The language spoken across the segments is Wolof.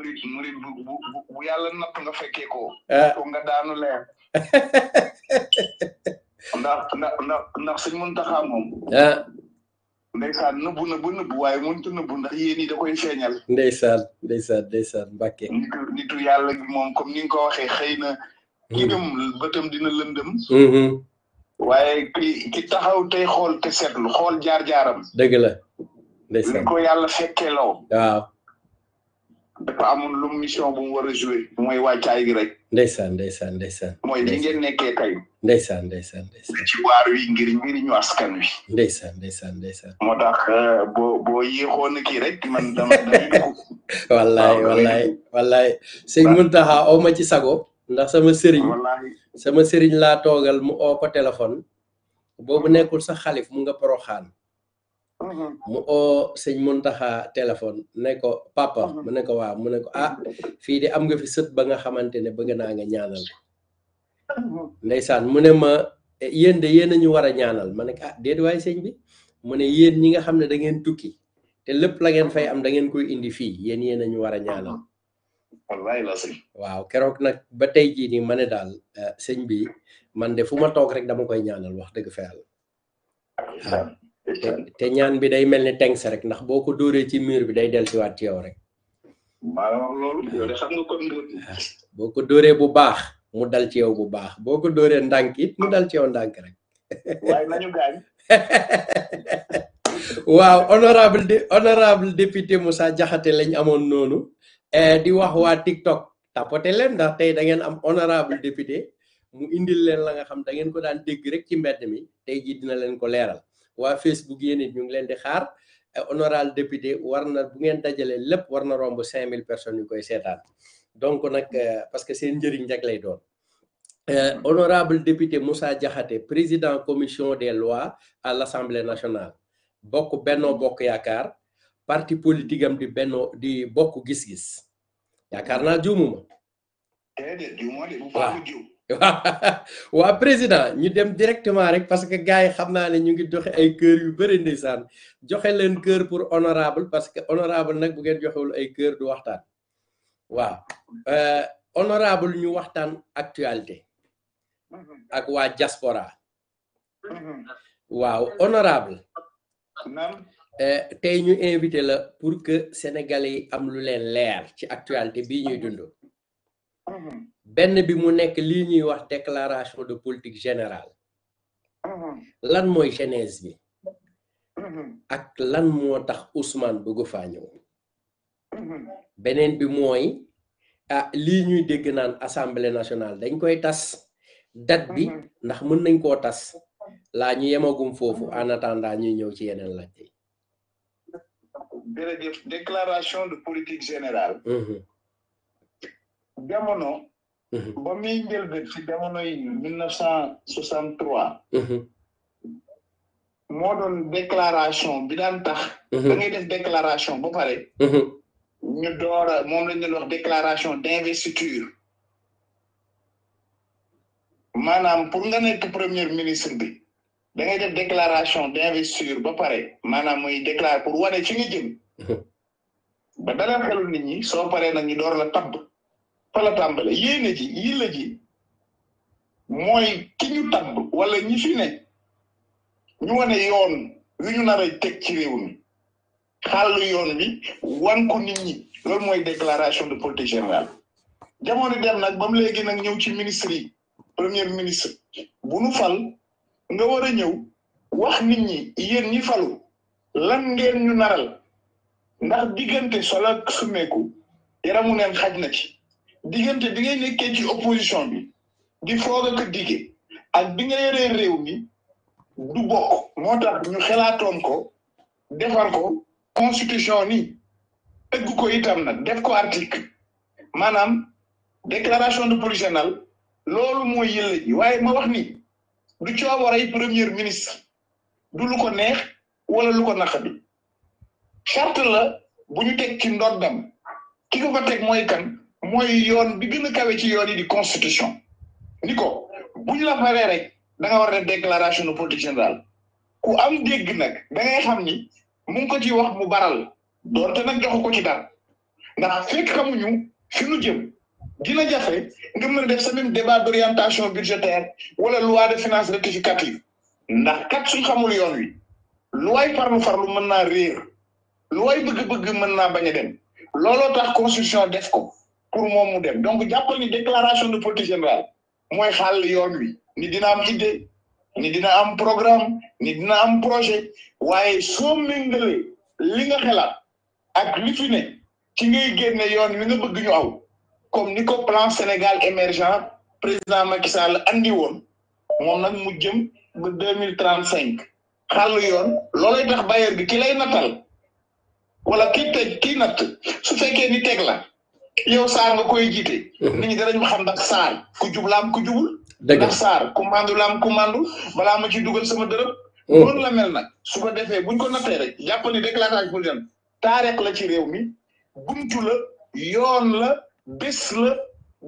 murid murid bu bu bu yàlla napp nga fekkee ko ko nga daanu leer ndax ndax ndax ndax sëñ Muntaxa moom ndeysaan nëbbu nëbbu nëbbu waaye mënut a nëbbu ndax yéen yi da koy feeñal ndeysaan ndeysaan ndeysaan mbàkke nitu nitu gi moom comme ni nga ko waxee xëy na hmm. ki dem bëtam dina lëndëm mm-hmm. waaye ki ki taxaw tey xool te seetlu jaar jaaram la ko yàlla fekkeeloo waaw dafa amul lu mission bu mu war a joué mooy wàccaay gi rek. ndeysaan ndeysaan ndeysaan. mooy li ngeen nekkee tey. ndeysaan ndeysaan ndeysaan. ci askan wi. ndeysaan ndeysaan ndeysaan. moo tax euh, boo boo yéexoon kii rek man dama dama. wallaay wallaay wallaay ma ci sago. ndax sama sëriñ. sama sëriñ laa toogal mu oo ko téléphone. boobu nekkul sax xalif mu nga poroxaan. Uh-huh. mu oo sëñ Muntaxa téléphone ne ko papa uh-huh. mu ne ko waaw mu ne ko ah fii de am nga fi sët ba nga xamante ne bëgg naa nga ñaanal ko uh-huh. ndeysaan mu ne ma eh, yéen de yéen a ñu war a ñaanal ma ne ko ah déedéet waay sëñ bi mu ne yéen ñi nga xam ne da ngeen tukki te lépp la ngeen fay am da ngeen koy indi fii yéen yéen a ñu war a ñaanal. wallaay la sëñ. waaw keroog nag ba tey jii nii ma ne daal eh, sëñ bi man de fu ma toog rek dama koy ñaanal wax dëgg fa yàlla. te ñaan bi day mel ni tengs rek ndax boo ko dóoree ci mur bi day dellusiwaat ci yow rek. maa wax ah. xam nga kon. Ah. boo ko dóoree bu baax mu dal ci yow bu baax boo ko dóoree ndànk it mu dal ci yow ndànk rek. waaye nañu gaañ. waaw honorable de honorable député Moussa Diakhaté lañ amoon noonu eh, di wax waa TikTok tapote leen ndax tey da ngeen am honorable député mu indil leen la nga xam da ngeen ko daal dégg rek ci mbedd mi tey jii dina leen ko leeral. waa Facebook yéen it ñu ngi leen di xaar eh, honorable député war na bu ngeen dajalee lépp war na romb mille personnes yu koy seetaan donc nag eh, parce que seen njëriñ rek lay doon. Eh, honorable député Moussa Diakhaté président commission des lois à l' assemblée nationale bokk Benno Bokk Yaakaar parti politique am di Benno di bokk gis-gis yaakaar naa juumuma. déedéet waaw waa président ñu dem directement rek parce que gars yi xam naa ne ñu ngi joxe ay kër yu bëri ndeysaan joxe leen kër pour honorable parce que honorable nag bu ngeen joxewul ay kër du waxtaan waaw euh, honorable ñu waxtaan actualité ak waa jaspora waaw honorable euh, tey ñu invité la pour que sénégalais yi am lu leen leer ci actualité bii ñuy dund benn bi mu nekk lii ñuy wax déclaration de politique générale lan mooy genèse bi ak lan moo tax Ousmane bëgg faa ñëw beneen bi mooy ah lii ñuy dégg naan assemblée nationale dañ koy tas date bi ndax mën nañ koo tas laa ñu yemagum foofu en attendant ñuy ñëw ci yeneen laajte. jërëjëf déclaration de politique jamono mhm. ba muy njëlbéen si jamono yi mille neuf cent mhm. déclaration bi daan tax da mhm. ngay def déclaration ba pare ñu door a moom lañ leen wax déclaration d'investiture Manam pour nga nekk premier ministre bi da ngay def déclaration d'investiture ba pare maanaam muy déclarer pour wane ci nga jëm ba dalal xelu nit ñi soo paree nag ñu door la tabb fa la tàmbale yéene ji yilla mooy ki ñu tabb wala ñi fi ne ñu wane yoon wi ñu nar teg ci réew mi xàll yoon wi wan ko nit ñi loolu mooy déclaration de politique générale jamono dem nag ba léegi nag ñëw ci ministre yi premier ministre bu nu fal nga war a ñëw wax nit ñi yéen ñi falu lan ngeen naral ndax diggante sol ak sumeeku yaramu neen xaj na ci diggante bi ngay nekkee ci opposition bi di foog ak dige ak bi nga yoree réew mi du bokk moo tax ñu xalaatoon ko defar ko constitution ni tëgg ko itam nag def ko article maanaam déclaration de politique loolu mooy yëlle ji waaye ma wax ni du coobaray premier ministre du lu ko neex wala lu ko naq bi charte la bu ñu teg ci ndoddam ki ko fa teg mooy kan mooy yoon bi gën a kawe ci yoon yi di constitution ni ko bu ñu la faree rek da war a def déclaration de politique générale ku am dégg nag da ngay xam ni mu ko ci wax mu baral doonte nag joxu ko ci dara ndax fekk ñu fi nu jëm dina jafe nga mën a def sa même débat d'orientation budgétaire wala loi de finances rectificative ndax kat suñ xamul yoon wi looy far farlu mën naa réer looy bëgg mën naa bañ a dem looloo tax constitution def ko pour moom mu donc jàppal ni déclaration de politique générale mooy xàll yoon wi ni dina am idée ni dina am programme ni dina am projet waaye soo méngalee li nga xelaat ak li fi ci ngay génne yoon wi nga bëgg ñu aw comme ni ko plan Sénégal émergent président Macky Sall andi woon moom nag mu jëm ba 2035 mille trente cinq xàll yoon loolay tax bailleur bi ki lay natal wala ki teg ki natt su fekkee ni teg la yow saar nga koy jiite. Mhm. nit dara danañu xam ndax saar ku jub laam ku jubul. dëgg ndax saar ku mandu laam ku mandu balaa ma ciy dugal sama dërëm. Mhm. noonu la mel nag su ko defee buñ ko nattee rek jàpp ni déclaration politique taarix la ci réew mi buntu la yoon la bés la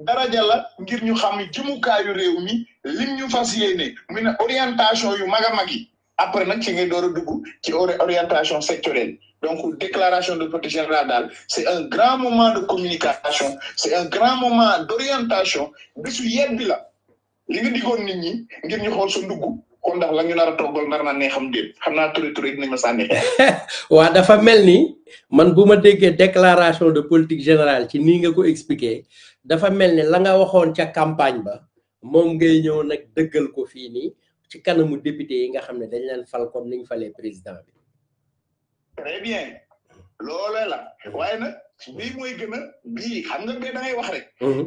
daraja la ngir ñu xam jëmukaayu réew mi lim ñu fas yéene mi ne orientation yu mag a mag yi. après nak ci ngi dooro dugg ci orientation sectorielle donc déclaration de politique générale dal c'est un grand moment de communication c'est un grand moment d'orientation bisu yedd la li nga digon nit ñi ngir ñu xol su dugg kon ndax la ñu nara togol toggal nar naa neexam deb xam naa tour ture ma sànni wa dafa melni ni man buma déggé déclaration de politique générale ci ni nga ko expliquer dafa melni la nga waxon ca campagne ba mom ngay ñew nak deggal ko fi ni ci kanamu député yi nga xam ne dañ leen fal comme niñ falee président bi. très bien loolee la waaye nag bii mooy gën a bii xam nga bii da ngay wax rek.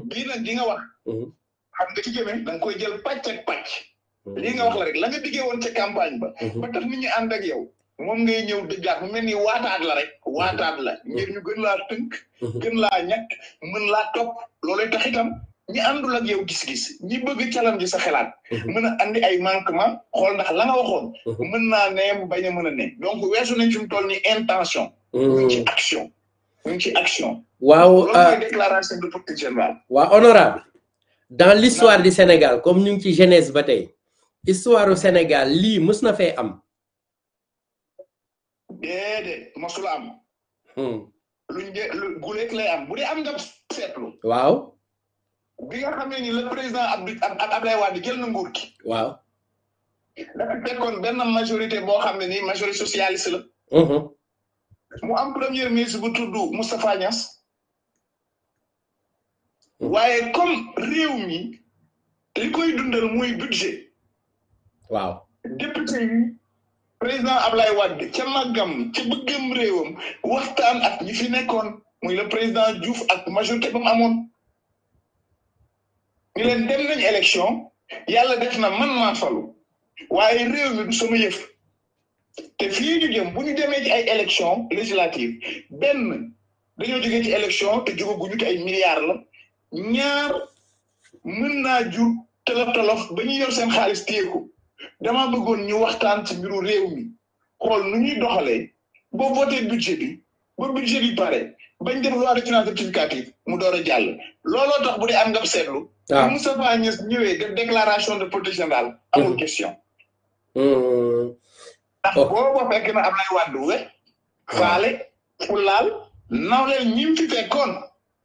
bii mhm. nag di nga wax. Mhm. xam nga ci jëmee da nga koy jël pàcc ak pàcc. Mhm. lii nga wax la rek la nga diggee woon ca campagne ba. ba tax nit ñi ànd ak yow. moom ngay ñëw dëggaat mu mel ni waataat la rek waataat la ngir ñu gën laa tënk. gën laa ñàkk mën laa topp loolay tax ñi andul ak yow gis-gis ñi bëgg challenge sa xelaat mën a andi ay manquement xool ndax la nga waxoon mën naa ne bañ a mën a ne donc weesu nañ fi mu toll ni intention ci action ñu ci action waaw euh, déclaration de politique générale waaw honorable dans l'histoire du Sénégal comme ñu ngi ci jeunesse ba tey histoire au Sénégal lii mës na fee am déedéet mosul am luñ de lu guleeg lay am bu dee am nga seetlu waaw Giga kame ni le prezident Ablai Wadi gel nou ngour ki. Waw. Depite kon, ben nan majorite bo kame ni, majorite sosyalise le. Mou mou. Mou an premier mezi boutoudou, Moustapha Agnès. Waye kom re ou mi, te kou yi doundel mou yi budget. Waw. Depite mi, prezident Ablai Wadi, chan la gam, chan la gam re ou mi, wastan at nifine kon, mou yi le prezident Diouf at majorite pou mamoun. ñu leen dem nañ élection yàlla def na man maa falu waaye réew mi du sama yëf te fii ñu jëm bu ñu demee ci ay élection législative benn dañoo jógee ci élection te jógaguñu te ay milliards la ñaar mën na jur tolof tolof ba ñu yor seen xaalis téyeku dama bëggoon ñu waxtaan ci mbiru réew mi xool nu ñuy doxalee boo voté budget bi ba budget bi pare bañ def a de finances rectificative mu door a jàll looloo tax bu dee am nga seetlu waaw Moustapha Niass ñëwee def déclaration de politique générale. amul mm-hmm. question. Mm-hmm. ndax oh. boobu fekk na Ablaye Wade we ah. faale fulaal naw leen ñi fi fekkoon.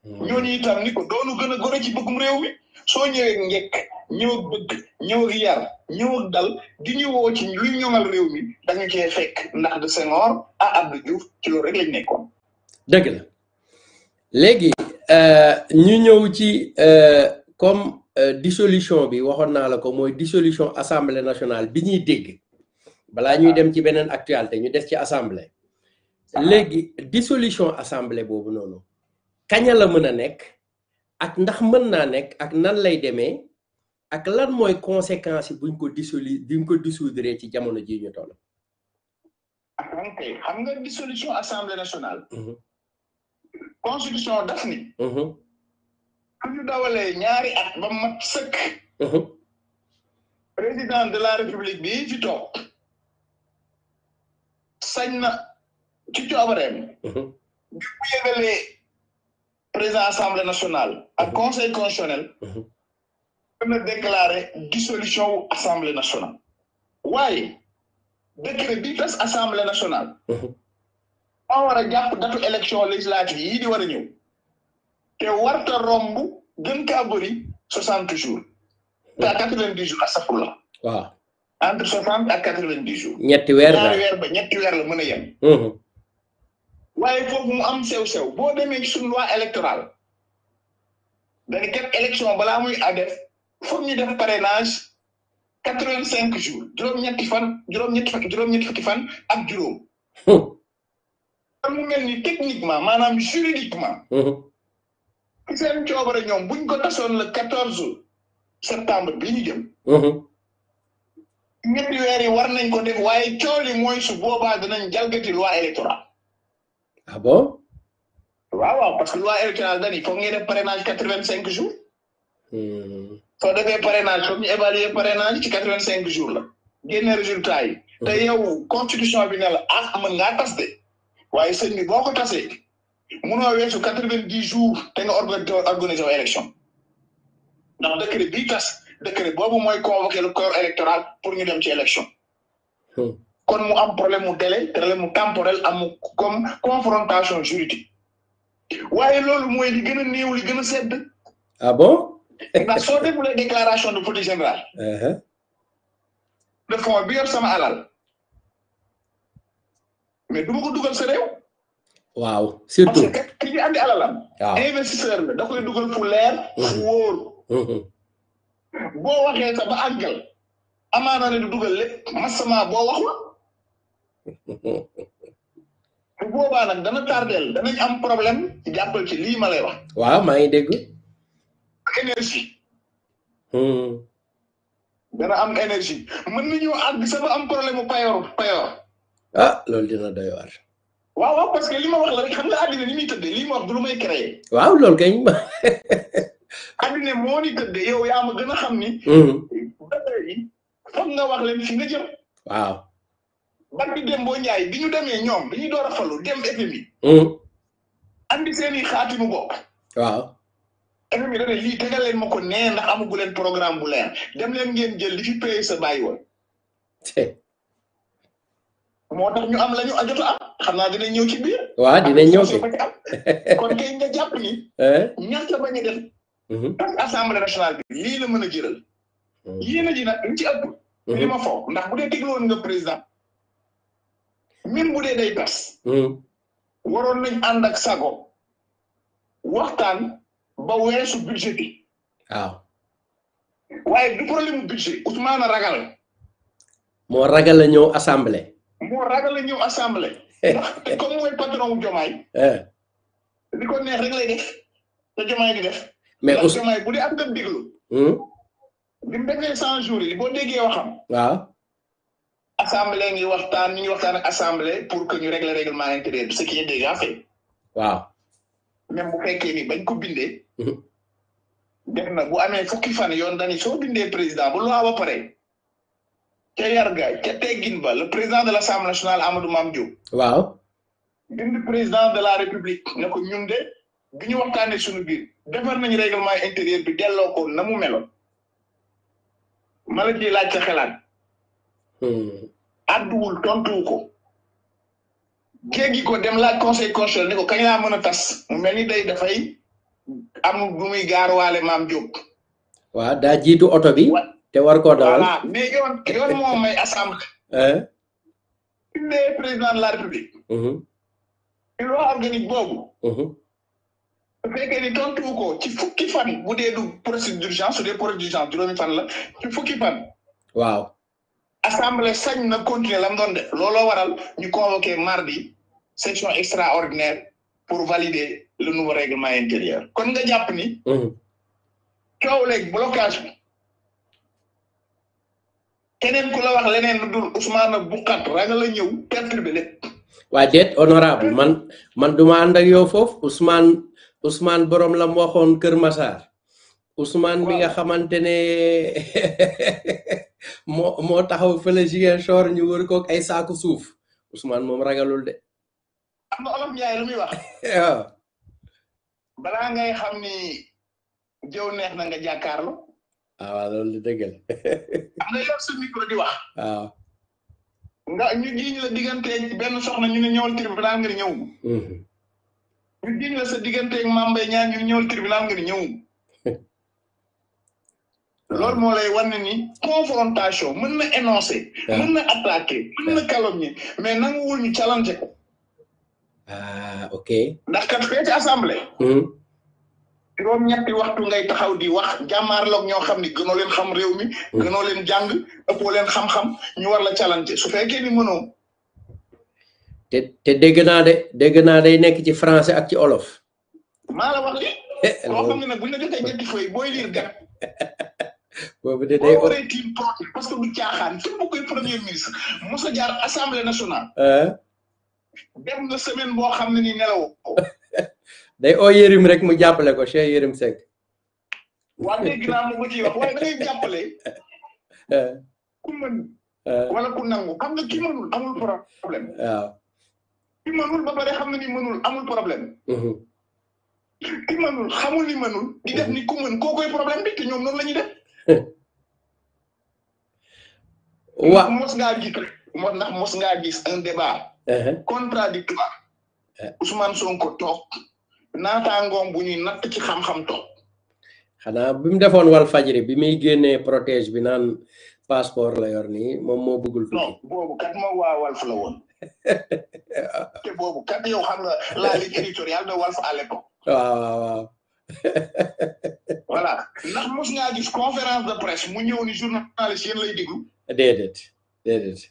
Mm-hmm. ñooñu itam ni ko doonu gën a gore ci bëggum réew mi soo ñëwee njëkk ñëw bëgg ñëw ak yar dal di ñu woo ci luy ñoŋal réew mi dañu cee fekk ndax de Senghor à Abdou Diouf ci loolu rek lañ nekkoon. dëgg la léegi euh, ñu ñëw ci. Euh, comme euh, dissolution bi waxoon naa la ko mooy dissolution assemblée nationale bi ñuy dégg balaa ñuy ah. dem ci beneen actualité ñu des ci assemblée ah. léegi dissolution assemblée boobu noonu kaña la mën a nekk ak ndax mën naa nekk ak nan lay demee ak lan mooy conséquences yi buñ ko dissolu buñ ko dissoudre ci jamono ji ñu toll. Ah, ok xam nga dissolution assemblée nationale. Mhm. constitution daf ni. Mhm. ñu dawalé ñaari at ba uh-huh. président de la république bi ci toog sañ na ci coobareem. Uh-huh. bu président assemblée nationale ak uh-huh. conseil constitutionnel. me déclarer dissolution de assemblée nationale. waaye décret bi assemblée nationale. On war a jàpp datu élection législative yi di wara ñëw. te warta romb gën kaa bëri 60 jours à 90 jours asafullah waaw entre 60 ak 90 jours ñetti weer la weer ba ñetti weer la mën a yem hmm. waaye foofu mu am sew sew boo demee ci suñu loi électorale dañu kat élection balaa muy a def foog ñu def parrainage 85 jours juróom ñetti fan juróom ñetti fan juróom hmm. ñetti fukki fan ak juróom mu mel ni techniquement maanaam juridiquement seen coobare ñoom buñ ko tasoon le quatorze septembre bi ñu jëm. Mhm. ñetti weer yi war nañ ko def waaye coow li mooy su boobaa danañ jalgati loi électorale. ah bon. waaw waaw parce que loi électorale dañuy foog ngeen def parrainage quatre vingt cinq jours. Mhm. soo defee parrainage foog ñu évaluer parrainage ci quatre vingt cinq jours la. génne résultat yi. te mhm. yow constitution bi ne la ah mën ngaa tas de waaye sëñ boo ko tasee. munoo weesu quatre vingt dix jour te nga organiser o élection ndax décret bii tas décret boobu mooy convoquer le corps électoral pour ñu dem ci élection. Hmm. kon mu am problème mu délai problème mu temporel amu comme confrontation juridique waaye loolu mooy li gën a néew li gën a sedd. ah bon. ndax soo defulee déclaration de politique générale. de uh-huh. fond bi yor sama alal mais du ma ko sa réew. waaw surtout parce que ki andi alalam. waaw da koy dugal fu leer. Mm-hmm. wóor. Mm-hmm. boo waxee sax ba amaana ne du dugal lépp ma boo wax la. bu boobaa nag dana tardeel danañ am problème jàppal ci lii ma lay wax. waaw maa ngi dégg. énergie. Mm-hmm. dana am énergie mën nañu àgg sax ba am problème mu payoor payoor. ah loolu dina doy waar. waaw waaw parce que li ma wax la rek xam nga àddina ni muy tëddee lii ma wax du lu may créé. waaw loolu kay. àddina moo ni tëddee yow yaa ma gën a xam ni. foog nga wax leen fi nga jëm. waaw. barki dem boo Ndiaye bi ñu demee ñoom bi ñu door a falu dem FMI. andi seen i xaatimu bopp. waaw. FMI da ne lii tegal leen ma ko nee ndax amagu leen programme bu leer dem leen ngeen jël li fi payé sa bàyyi woon. moo tax ñu am la ñu jot a am xam naa dinañ ñëw ci biir. waa dinañ ñëw ci kon kay nga jàpp ni. ñax la bañ a def. Mhm. ak assemblée nationale bi lii la mën a jëral. Mhm. yéen a ji nag li ci ëpp. Mhm. li ma foog ndax bu dee dégluwoon nga président. même day tas. waroon nañ ànd ak sago. waxtaan ba weesu budget bi. waaw. waaye du problème mu budget Ousmane ragal. moo ragal la ñëw assemblée. moo ragal a ñëw assemblée. Eh. te comme mooy patron wu Jomaay. Eh. li ko neex rek lay def te Jomaay di def. mais aussi Jomaay bu de am nga diglu. Hmm? bi mu defee cent jours yi boo déggee waxam. waaw. assemblée ngi waxtaan ñu ngi waxtaan ak assemblée pour que ñu régler règlement intérieur bi ce qui est déjà fait. waaw. même bu fekkee ni bañ ko bindee. Hmm. def na bu amee fukki fan yoon dañuy soo bindee président bu loi ba pare. ca yar ga ca teggin ba le président de l'Assemblée nationale Amadou Mame Diop. waaw. bind président de la république ne ko ñun de bi ñu waxtaanee suñu biir defar nañu règlement intérieur bi delloo ko na mu meloon. ma la laaj sa xelaat. Hmm. adduwul tontuwu ko. jéggi ko dem laaj conseil constitutionnel ne ko kañ laa mën a tas mu mel ni day dafay am lu muy gaar waale Mame Diop. waaw daa jiitu oto bi. te war koo dawal voilà mais yoon yoon moom may assemblée. il hein? est président de la république. Mhm. ci loi organique boobu. bu mhm. fekkee ni tontu ko ci fukki fan bu dee du procédure d'urgence su dee procédure d'urgence juróomi fan la ci fukki fan. waaw. assemblée sañ na continuer la mu doon de looloo waral ñu convoquer mardi session extraordinaire pour valider le nouveau règlement intérieur kon nga jàpp ni. Mhm. coow léegi blocage bi. keneen ku la wax leneen lu dul Ousmane Boukat ranga la ñew perturbé le wa honorable man man duma and ak yow fof Ousmane Ousmane borom lam waxon keur Massar. Ousmane bi nga xamante ne mo moo taxaw jigen Ziguinchor ñu wër ko ay saaku suuf Ousmane mom ragalul de. am olof lu muy wax. ngay xamni neex na nga jakarlo ah waaw loolu dëgg la. am na yor sa micro di wax. Ah. nga ñu jiñ la digganteeg benn soxna ñu ne ñëwal tribunal nga ñëw. Mhm. ñu jiñ la sa digganteeg Mame Mbaye Niang ñu ñëwal tribunal nga ñëw. loolu moo lay wan ni confrontation mën na énoncer. Ah. mën na attaquer mën na ah. calomnier mais nanguwul ñu challenger ko. ah ndax kat fee ci assemblée. Mhm. juróom ñetti waxtu ngay taxaw di wax jàmmaarloog ñoo xam ni gënoo leen xam réew mi mm. gënoo leen jàng ëppoo leen xam-xam ñu war la challenge su fekkee ni mënoo te te dégg naa de dégg naa day nekk ci français ak ci olof maa la wax li loo xam ne nag bu ñu la ñetti fooy booy liir gat boobu de day waree parce que du caaxaan képp koy premier ministre Moussa jaar assemblée nationale ah. dem na semaine boo xam ne ni nelaw day oo oh, yërim rek mu jàppale ko Cheikh Yérim Seck. waaw dégg naa mu ciy wax waaye da ngay jàppale. Eh. ku mën. Eh. wala ku nangu xam ki mënul amul problème. waaw. ki mënul ba pare xam na mënul amul problème. Mhm. ki xamul ni mënul. di def ni ku mën koo koy problème bi te ñoom noonu la ñuy def. wa mos ngaa gis moo ndax mos ngaa gis un débat. Eh. contradictoire Ousmane Sonko toog. naataangoom bu ñuy natt ci xam-xam toog. xanaa bi mu defoon wal fajri bi muy génnee protège bi naan passeport la yor nii moom moo bëggul. non boobu kat ma waa Walf la woon. boobu kat yow xam nga la ligne éditoriale de Walf à l'époque. waaw waaw waaw. voilà ndax mos ngaa gis conférence de presse mu ñëw ni journaliste yéen lay déglu. déedéet déedéet.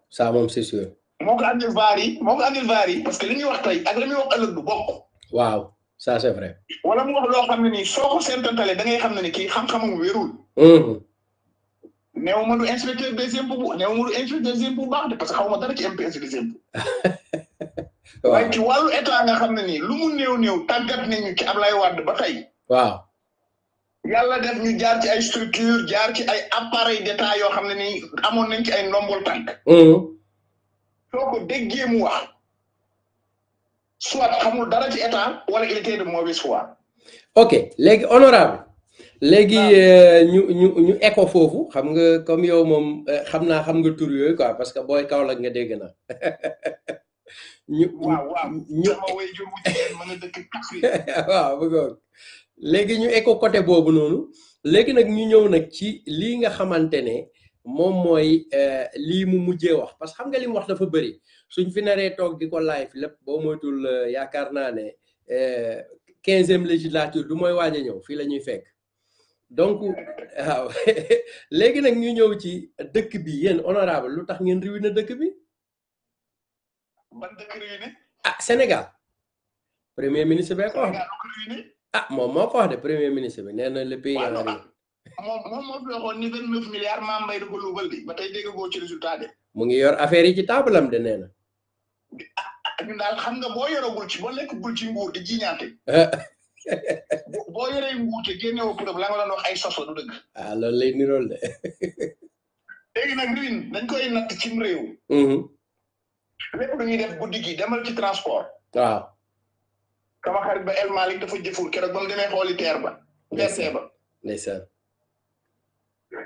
ça moom c'est sûr. moo ko andil vaar yi moo yi parce que li ñuy wax tey ak li ñuy wax ëllëg du bokk. waaw ça c'est vrai. wala mu wax loo xam ne nii soo ko seetantalee da ngay xam ne kii xam-xamam wérul. néew ma du inspecteur des impôts bu néew ma bu baax de parce que xaw ma dara ci MPS des impôts. waaw waaye ci wàllu état nga xam ne nii lu mu néew néew tàggat nañu ci Ablaye Wade ba tey. waaw. yàlla def ñu jaar ci ay structure jaar ci ay appareil d'état yoo xam ne nii amoon nañ ci ay ndombol tànk mm-hmm. soo ko déggee mu wax soit xamul dara ci état wala il était de mauvaise foi ok léegi honorable léegi ah. euh, ñu ñu ñu écho foofu xam nga comme yow moom euh, xam naa xam nga tur yooyu quoi parce que booy Kaolack nga dégg na ñu waaw waaw ñu waaw léegi ñu éco côté boobu noonu léegi nag ñu ñëw nag ci lii nga xamante ne moom mooy euh, lii mu mujjee wax parce que xam nga li mu wax dafa bëri suñ fi naree toog di ko live lépp boo moytul euh, yaakaar naa ne euh, quinzième législature du mooy waaj ñëw fii lañuy fekk donc waaw léegi nag ñu ñëw ci dëkk bi yéen honorable lu tax ngeen a dëkk bi. ban dëkk ruiné. ah Sénégal premier ministre bee ko ah moom moo ko wax de premier ministre bi nee na le pays en arrière moom moom moo fi waxoon ni vingt neuf milliards Mame Mbaye da ko luubal bi ba tey dégg boo ci résultat de mu ngi yor affaire yi ci taabalam de nee na ñun daal xam nga boo ci boo ci nguur di jiñaate boo yoree nguur te génnewoo turam la nga doon wax ay soso du dëgg ah loolu lay nirool de léegi eh, nag riin dañ koy mhm. natt cim réew lépp lu ñuy def guddi gi demal ci transport waaw ah. sama xarit ba El Malick dafa jëfur keroog ba mu demee xooli teer ba teer ba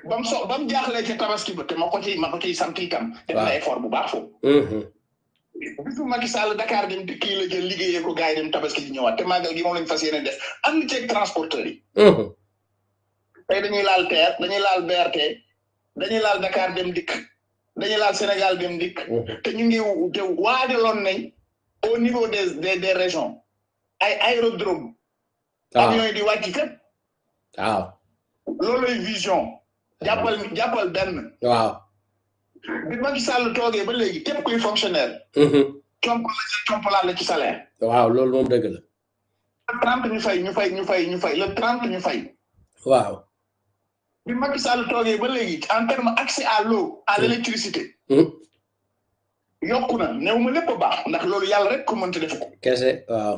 ba mu so ba mu jaaxlee ca tabaski ba te ma ko ciy ma ko ciy sant itam def na effort bu baax foofu mm-hmm. bisu Macky Sall Dakar dem kii la jël liggéeyee ko gars yi dem tabaski ji ñëwaat te màggal gi moom lañ fas yéene def am ceeg transporteurs yi mm-hmm. tey dañuy laal TER dañuy laal BRT dañuy laal Dakar dem dikk dañuy laal Sénégal dem dikk mm-hmm. te ñu ngi te waadeloon nañ au niveau des des des régions ay aérodrome ah. avion yi di wàcc fépp waaw ah. looluy vision jàppal jàppal benn waaw bi Macky Sall toogee ba léegi képp kuy fonctionnaire compala mhm. compalaat la ci salaire waaw loolu moom dëgg la le ñu fay ñu fay ñu fay ñu fay la trente ñu fay waaw bi Macky Sall toogee ba léegi en terme accès à l'eau à mhm. l'électricité mhm. yokku na néew ma lépp baax ndax loolu yàlla rek ko mënta de ko kese waaw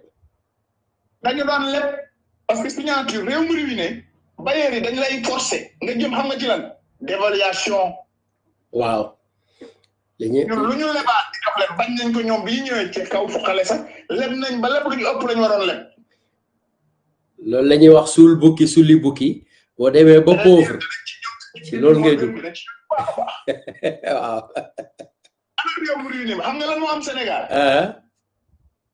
dañu daan lépp parce que signature réew mu ruiné bailleurs yi dañu lay forcé nga jëm xam nga ci lan dévaluation. waaw. dañuy ñun lu ñu lebaat di nañ ko ñoom bi ñëwee ci kaw fukkale sax nañ ba lépp lu ñu ëpp lañu waroon wax suul bukki suuli bukki boo demee ba pauvre ci loolu ngay dugg waaw. ana réew mu moo am Sénégal. Ah.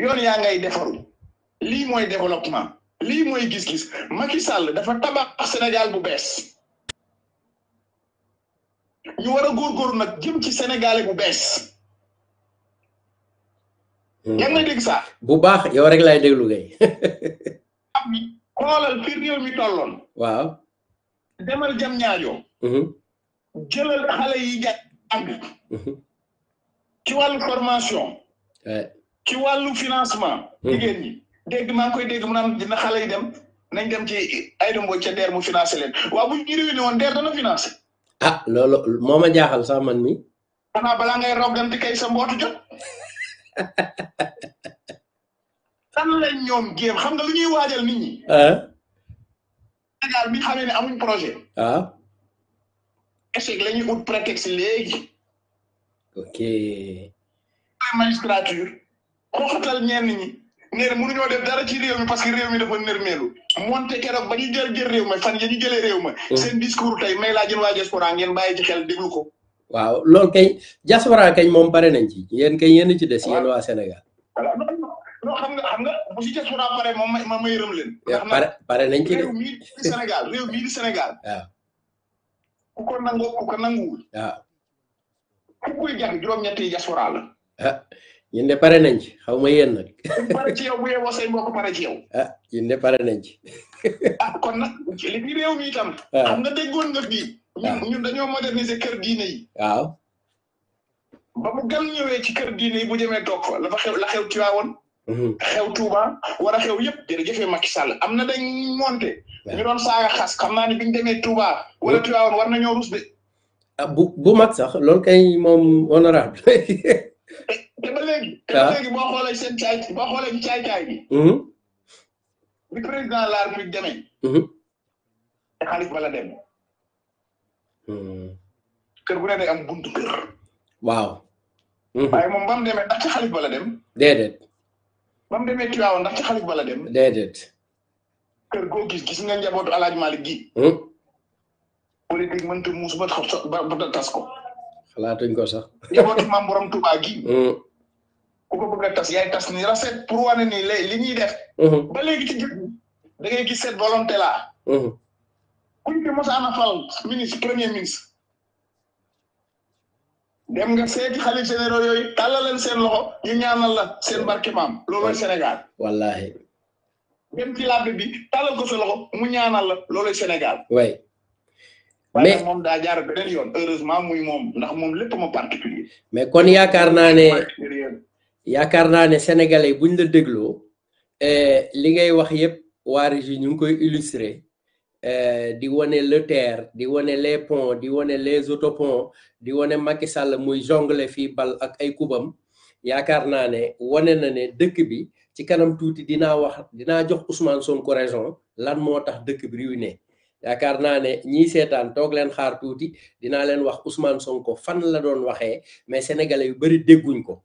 yoon yaa ngay defaru lii mooy développement lii mooy gis-gis Macky Sall dafa tabax Sénégal bu bees ñu war a góor nag jëm ci Sénégal bu bees. yaa hmm. ngi dégg bu baax yow rek laay déglu ngay. xoolal fi réew mi tolloon. waaw. demal jam ñaajo. Hmm. jëlal xale yi jàng. Hmm. ci wàllu formation. Eh. ci walu financement mhm. jigen ñi dégg maa koy dégg mu naan dina xale yi dem nañ dem ci ay dombo ca der mu financer leen waaw bu ñu réuni woon der dana financer ah loolu moma ma jaaxal sax man mi xanaa bala ngay roggante kay sa mbootu jot tan lañ ñoom géem xam nga lu ñuy waajal nit ñi ah. Sénégal bi xamé ni amuñ projet ah échec la ñuy ut prétexte léegi ok magistrature xoxatal ñenn ñi neen mënuñoo def dara ci réew mi parce que réew mi dafa nërmeelu moonte keroog ba ñu jël jël réew ma fan ya ñu jëlee réew ma mm. seen discours tey may laa jën waa diaspora ngeen bàyyi ci xel déglu ko waaw loolu kañ diaspora moom pare nañ ci yéen kañ yéen ci des yéen waa Sénégal non xam nga xam nga bu si diaspora pare moom ma ma yërëm leen eh, pare pare nañ ci réew mii di Sénégal réew mii di Sénégal waaw ku ko nangoo ku ko nanguwul waaw juróom-ñetti diaspora ñu ne pare nañ xaw ma yéen nag. ci yow bu yeewoo say mbokk pare ci yow. ah ñun de pare nañ ci. Ah, kon nag li réew mi itam. xam ah. nga déggoon nga fii. Ah. ñun dañoo moderniser kër diine yi. ba mu gan ñëwee ci kër diine yi bu demee toog fa la fa xew la xew Tiwaawoon. Mm-hmm. xew Touba war a xew yëpp jërëjëfee Macky Sall am na dañ monte ñu doon saaga xas xam naa ne biñ ñu demee Touba wala mm. Tiwaawoon war nañoo rus de. ah bu bu mag sax loolu kay moom honorable eh, te ba léegi. ba ah. léegi boo xoolee seen caay boo xoolee caay caay bi. Mm-hmm. bi président de la République demee. Mm-hmm. te xaalis bala dem. Mm-hmm. kër gu ne day am buntu kër. waaw. waaye moom ba mu demee ndax ci xaalis bala dem. déedéet. ba mu demee Tiwaawan ndax ci xaalis bala dem. déedéet. kër goo gis gis nga njabootu El Hadj Malick gi. politique mënta muus ba tas ko. xalaatuñ ko sax. njabootu maam borom Touba gi. ku ko bëgg a tas yaay tas ni rafet pour wane ni li ñuy def. Mhm. ba léegi ci jëf ngay gis cette volonté là. Mhm. kuñ fi Musaana Fall ministre premier ministre. dem nga seeti xalif généraux yooyu tàllal leen seen loxo ñu ñaanal la seen barke maam Sénégal. wallaahi. dem ci làbbe bi tàllal ko sa loxo mu ñaanal la loolooy Sénégal. way mais moom daa jaar beneen yoon heureusement muy moom ndax moom lépp ma particulier mais kon yaakaar naa yaakaar naa ne sénégalais buñ la dégloo eh, li ngay wax yëpp waa région ñu ngi koy illustrer eh, di wane le terre di wane les ponts di wane les autoponts di wane Macky Sall muy jongle fii bal ak ay kubam yaakaar naa ne wane na ne dëkk bi ci kanam tuuti dinaa wax dinaa jox Ousmane Sonko raison lan moo tax dëkk bi ruiné yaakaar naa ne ñii seetaan toog leen xaar tuuti dinaa leen wax Ousmane Sonko fan la doon waxee mais sénégalais yu bari dégguñ ko.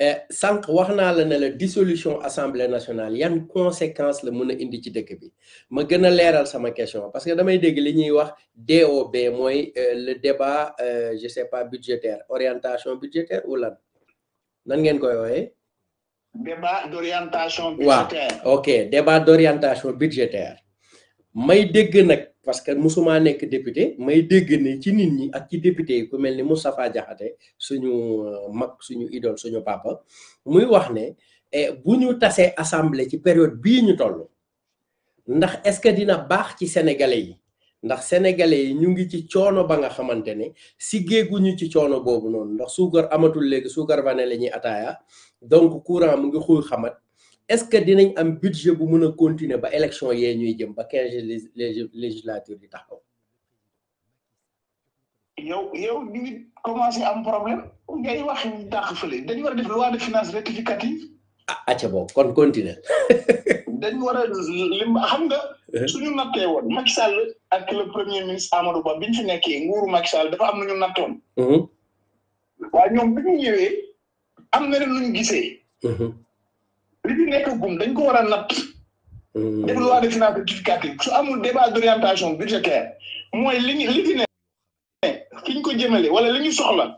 Eh, Sans wax naa la ne la dissolution assemblée nationale yan conséquences le mën a indi ci dëkk bi ma gëna a sama question parce que damay dégg li ñuy wax DOB moy eh, le débat eh, je sais pas budgétaire orientation budgétaire ou lan nan ngeen koy woyé débat d'orientation budgétaire ok débat d'orientation budgétaire. may dégg nag parce que musuma nekk député may dégg ne ci nit ñi ak ci député yi ku mel ni Moustapha Diakhaté suñu euh, mag suñu idole suñu papa muy wax ne eh, bu ñu tasee assemblée ci période bii ñu toll ndax est-ce que dina baax ci sénégalais yi ndax sénégalais yi ñu ngi ci coono ba nga xamante ne siggeeguñu ci coono boobu noonu ndax suukar amatul léegi suukar vanille la ñuy ataaya donc courant mu ngi xuy xamat est-ce que dinañ am budget bu mën a continuer ba élection yee ñuy jëm ba quinze législature yi taxaw yow yow ñu ngi commencé am problème ngay wax dàq fële dañu war a def loi de finance rectificative a ah, acca boobu kon continuer dañu war a lim xam nga suñu nattee woon Macky ak le premier ministre Amadou Ba biñ fi nekkee nguuru Macky Sall dafa am na ñu nattoon mhm. waaye ñoom bi ñu ñëwee am na ne luñ gisee mhm. li fi nekk gum dañ ko war a natt. def loi de finance rectificative su amul débat d' orientation budgétaire mooy li ñu li fi ne ki ñu ko jëmale wala li ñu soxla.